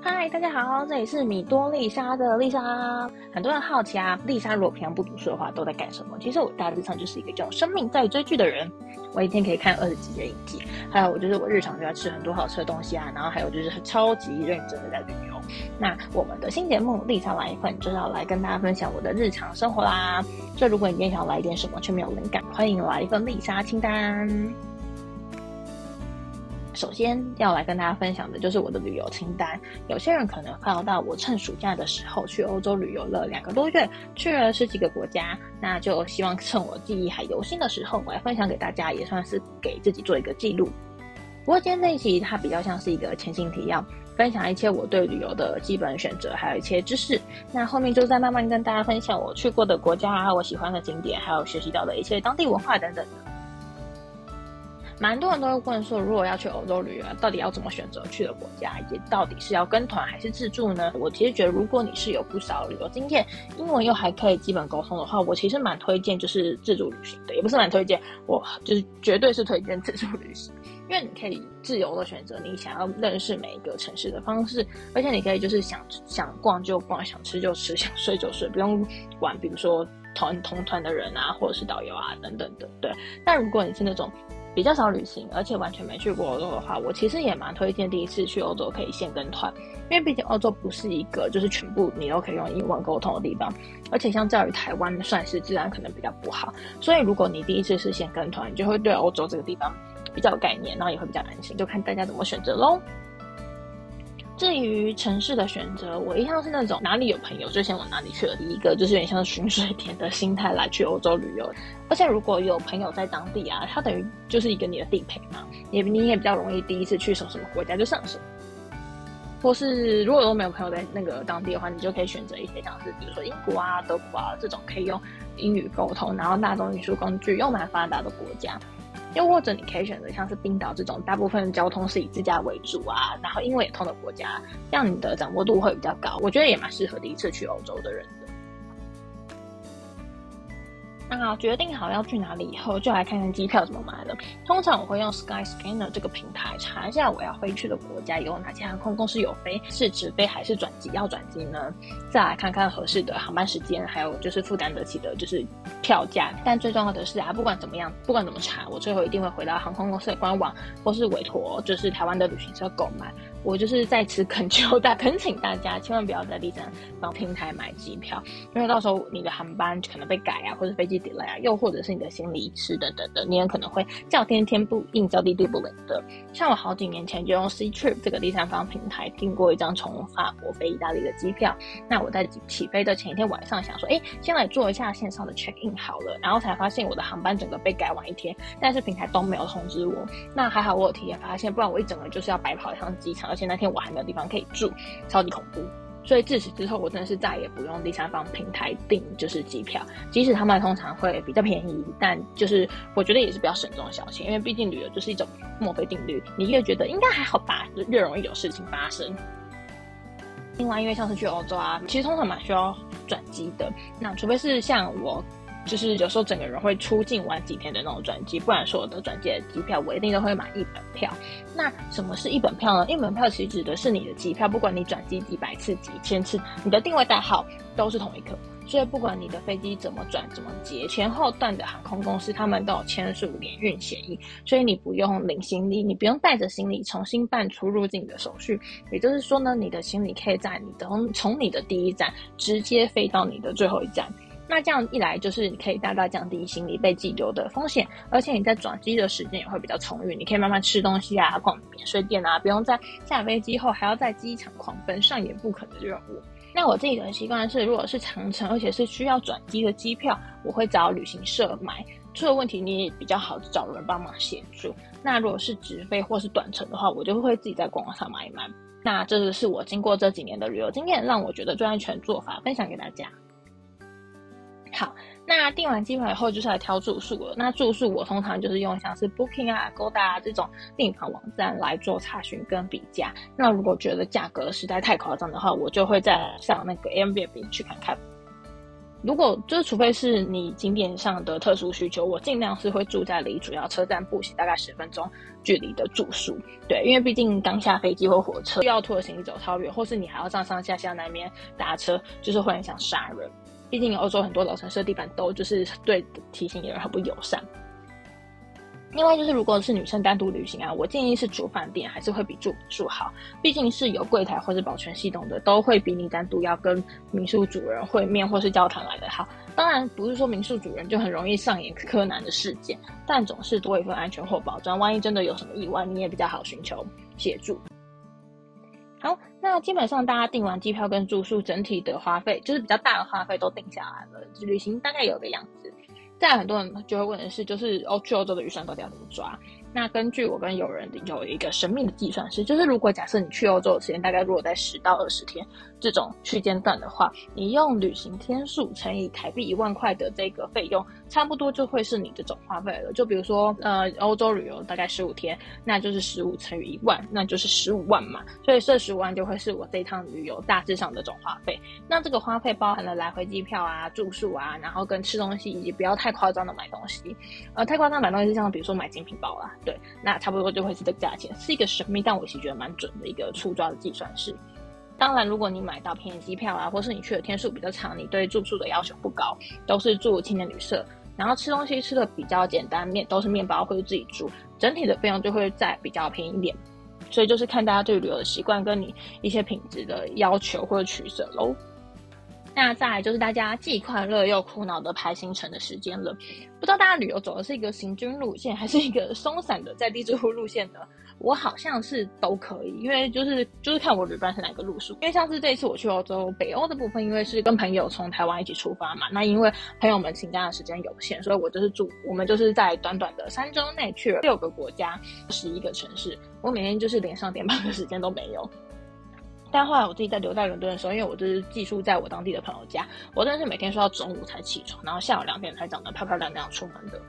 嗨，大家好，這裡是米多麗莎的麗莎。很多人好奇啊，麗莎如果平常不讀書的話，都在幹什麼？其實我大致上就是一個用生命在追劇的人，我一天可以看二十集的影集，還有我就是我日常就要吃很多好吃的東西啊，然後還有就是超級認真的在旅遊。那我們的新節目麗莎來一份，就是、要來跟大家分享我的日常生活啦。就如果你也想要來一點什麼卻沒有靈感，歡迎來一份麗莎清單。首先要來跟大家分享的就是我的旅遊清單。有些人可能看到我趁暑假的時候去歐洲旅遊了兩個多月，去了十幾個國家，那就希望趁我記憶還猶新的時候，我來分享給大家，也算是給自己做一個記錄。不過今天這一集它比較像是一個前情提要，分享一些我對旅遊的基本選擇，還有一些知識。那後面就再慢慢跟大家分享我去過的國家啊，我喜歡的景點，還有學習到的一些當地文化等等的。蠻多人都會問說，如果要去歐洲旅遊啊，到底要怎麼選擇去的國家？也到底是要跟團還是自助呢？我其實覺得，如果你是有不少旅遊經驗，今天英文又還可以基本溝通的話，我其實蠻推薦就是自助旅行的，也不是蠻推薦，我就是絕對是推薦自助旅行，因為你可以自由的選擇你想要認識每一個城市的方式，而且你可以就是想想逛就逛，想吃就吃，想睡就睡，不用管比如說團同團的人啊，或者是導遊啊等等的。對，但如果你是那種。比較少旅行，而且完全沒去過歐洲的話，我其實也蠻推薦第一次去歐洲可以先跟團，因為畢竟歐洲不是一個就是全部你都可以用英文溝通的地方，而且相較於台灣，算是治安可能比較不好。所以如果你第一次是先跟團，你就會對歐洲這個地方比較有概念，然後也會比較安心，就看大家怎麼選擇咯。至於城市的選擇，我一向是那種哪裡有朋友就先往哪裡去的。第一個就是有點像巡水田的心態來去歐洲旅遊。而且如果有朋友在當地啊，他等於就是一個你的地陪嘛，你你也比較容易第一次去什什麼國家就上手。或是如果都沒有朋友在那個當地的話，你就可以選擇一些像是比如說英國啊、德國啊這種可以用英語溝通，然後大眾運輸工具又蠻發達的國家。又或者你可以選擇像是冰島這種大部分的交通是以自駕為主啊，然後英文也通的國家，這樣你的掌握度會比較高。我覺得也蠻適合第一次去歐洲的人的。那、啊、決定好要去哪裡以後，就來看看機票怎麼買了。通常我會用 Sky Scanner 這個平台查一下我要飛去的國家有哪家航空公司有飛，是直飛還是轉機，要轉機呢？再來看看合適的航班時間，還有就是負擔得起的，就是票價。但最重要的是啊，不管怎麼樣，不管怎麼查，我最後一定會回到航空公司的官網，或是委託就是台灣的旅行社購買。我就是在此懇求大、大懇請大家千萬不要在第三方平台買機票，因為到時候你的航班可能被改啊，或是飛機。又或者是你的行李遺失等等的，你也可能會叫天天不應，叫地地不靈的。像我好幾年前就用 Ctrip 這個第三方平台訂過一張從法國飛意大利的機票，那我在起飛的前一天晚上想說，哎，先來做一下線上的 check in 好了，然後才發現我的航班整個被改晚一天，但是平台都沒有通知我。那還好我有提前發現，不然我一整個就是要白跑一趟機場，而且那天我還沒有地方可以住，超級恐怖。所以自此之後，我真的是再也不用第三方平台訂就是機票，即使他們通常會比較便宜，但就是我覺得也是比較省這種小錢，因為畢竟旅遊就是一種墨菲定律，你越覺得應該還好吧，就越容易有事情發生。另外，因為像是去歐洲啊，其實通常蠻需要轉機的，那除非是像我。就是有時候整個人會出境玩幾天的那種轉機，不然所有的轉機的機票，我一定都會買一本票。那什麼是一本票呢？一本票其實指的是你的機票，不管你轉機幾百次、幾千次，你的訂位代號都是同一個。所以不管你的飛機怎麼轉、怎麼接，前後段的航空公司他們都有簽署聯運協議，所以你不用領行李，你不用帶着行李重新辦出入境的手續。也就是說呢，你的行李可以在你的從你的第一站直接飛到你的最後一站。那這樣一來，就是你可以大大降低行李被寄丟的風險，而且你在轉機的時間也會比較充裕，你可以慢慢吃東西啊，逛免稅店啊，不用在下飛機後還要在機場狂奔上演不可能的任務。那我自己的習慣是，如果是長程，而且是需要轉機的機票，我會找旅行社買，出了問題你也比較好找人幫忙協助。那如果是直飛或是短程的話，我就會自己在官網上買一買。那這是我經過這幾年的旅遊經驗，讓我覺得最安全的做法，分享給大家。好，那訂完機票以後就是來挑住宿了。那住宿我通常就是用像是 Booking 啊、Agoda 啊這種訂房網站來做查詢跟比價。那如果覺得價格實在太誇張的話，我就會再上那個 Airbnb 去看看。如果就是除非是你景點上的特殊需求，我盡量是會住在離主要車站步行大概十分鐘距離的住宿。對，因為畢竟剛下飛機或火車需要拖着行李走超遠，或是你還要上上下下那邊打車，就是會很想殺人。畢竟歐洲很多老城市的地板都就是對體型人很不友善。另外就是，如果是女生單獨旅行啊，我建議是住飯店還是會比住民宿好。畢竟是有櫃檯或是保全系統的，都會比你單獨要跟民宿主人會面或是交談來得好。當然不是說民宿主人就很容易上演柯南的事件，但總是多一份安全或保障，萬一真的有什麼意外，你也比較好尋求協助。那基本上大家訂完機票跟住宿，整體的花費就是比較大的花費都定下來了，旅行大概有個樣子。再來很多人就會問的是，就是哦去歐洲的預算到底要怎麼抓？那根據我跟友人有一個神秘的計算是，就是如果假設你去歐洲的時間大概如果在十到二十天這種區間段的話，你用旅行天數乘以台幣一萬塊的這個費用。差不多就會是你這種花費了，就比如說，呃，歐洲旅遊大概十五天，那就是十五乘以一萬，那就是十五萬嘛。所以這十五萬就會是我這一趟旅遊大致上的總花費。那這個花費包含了來回機票啊、住宿啊，然後跟吃東西，以及不要太誇張的買東西。呃，太誇張買東西像是像比如說買精品包啦，對，那差不多就會是這個價錢，是一個神秘，但我其實覺得蠻準的一個粗抓的計算式。當然，如果你買到便宜機票啊，或是你去的天數比較長，你對住宿的要求不高，都是住青年旅社。然後吃東西吃的比較簡單，麵都是麵包或者自己煮，整體的費用就會再比較便宜一點，所以就是看大家對旅遊的習慣跟你一些品質的要求或者取舍咯 那再來就是大家既快樂又苦惱的排行程的時間了，不知道大家旅遊走的是一個行軍路線還是一個鬆散的在地住路線呢？我好像是都可以，因為就是就是看我旅伴是哪個路數。因為上次這一次我去歐洲，北歐的部分，因為是跟朋友從台灣一起出發嘛,那因為朋友們請假的時間有限，所以我就是住，我們就是在短短的三周內去了六個國家，十一個城市。我每天就是連上點班的時間都沒有。但後來我自己在留在倫敦的時候，因為我就是寄宿在我當地的朋友家，我真的是每天睡到中午才起床，然後下午兩點才長得漂漂亮亮出門的，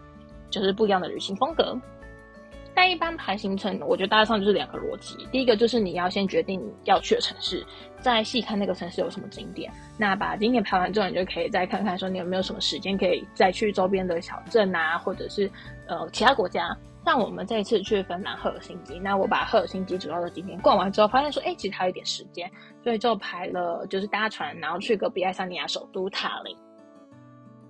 就是不一樣的旅行風格。在一般排行程，我覺得大致上就是兩個邏輯。第一個就是你要先決定你要去的城市，再細看那個城市有什麼景點。那把景點排完之後，你就可以再看看說你有沒有什麼時間可以再去周邊的小鎮啊，或者是呃其他國家。像我們這次去芬蘭赫爾辛基，那我把赫爾辛基主要的景點逛完之後，發現說哎、欸，其實還有一點時間，所以就排了就是搭船，然後去隔壁愛沙尼亞首都塔林。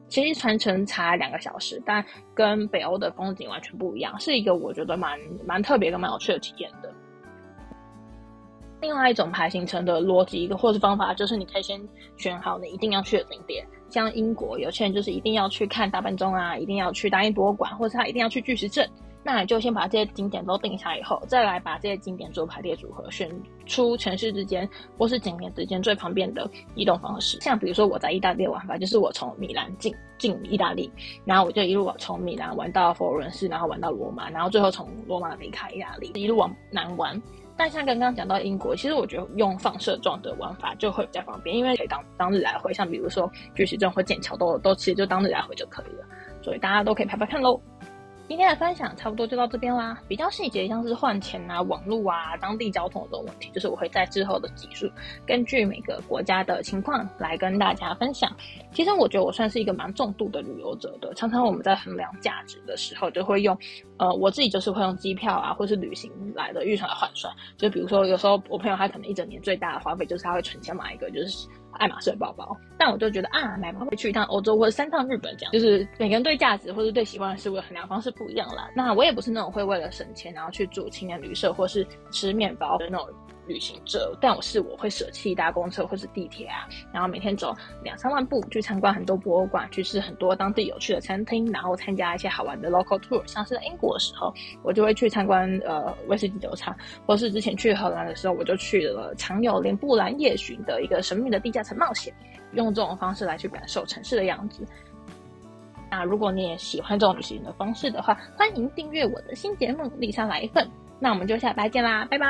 其實船程才兩個小時，但跟北歐的風景完全不一樣，是一個我覺得蠻蠻特別跟蠻有趣的體驗的。另外一種排行程的邏輯一個或是方法，就是你可以先選好你一定要去的景點，像英國有些人就是一定要去看大本鐘啊，一定要去大英博物館，或者他一定要去巨石陣。那你就先把這些景點都定下以後，再來把這些景點做排列組合，選出城市之間或是景點之間最方便的移動方式。像比如說我在意大利的玩法，就是我從米蘭進進意大利，然後我就一路從米蘭玩到佛羅倫斯，然後玩到羅馬，然後最後從羅馬離開意大利，一路往南玩。但像剛剛講到英國，其實我覺得用放射狀的玩法就會比較方便，因為可以當當日來回。像比如說巨石陣或劍橋都都其實就當日來回就可以了，所以大家都可以拍拍看嘍。今天的分享差不多就到這邊啦。比較細節，像是換錢啊、網絡啊、當地交通這種問題，就是我會在之後的集數根據每個國家的情況來跟大家分享。其實我覺得我算是一個蠻重度的旅遊者的，常常我們在衡量價值的時候，就會用，呃，我自己就是會用機票啊，或是旅行來的預算來換算。就比如說，有時候我朋友他可能一整年最大的花費就是他會存錢買一個，就是。愛馬仕包包，但我就覺得啊，買包會去一趟歐洲或者三趟日本這樣，就是每個人對價值或者對喜歡的事物很良的衡量方式不一樣啦。那我也不是那種會為了省錢然後去住青年旅社或是吃麵包的那種旅行者，但我是我會捨棄搭公車或是地鐵啊，然後每天走兩三萬步去參觀很多博物館，去吃很多當地有趣的餐廳，然後參加一些好玩的 local tour。像是在英國的時候，我就會去參觀，呃，威士忌酒廠，或是之前去荷蘭的時候，我就去了藏有連布蘭夜巡的一個神秘的地下。很冒險，用這種方式來去感受城市的樣子。那如果你也喜歡這種旅行的方式的話，歡迎訂閱我的新節目，麗莎來一份。那我們就下期見啦，拜拜。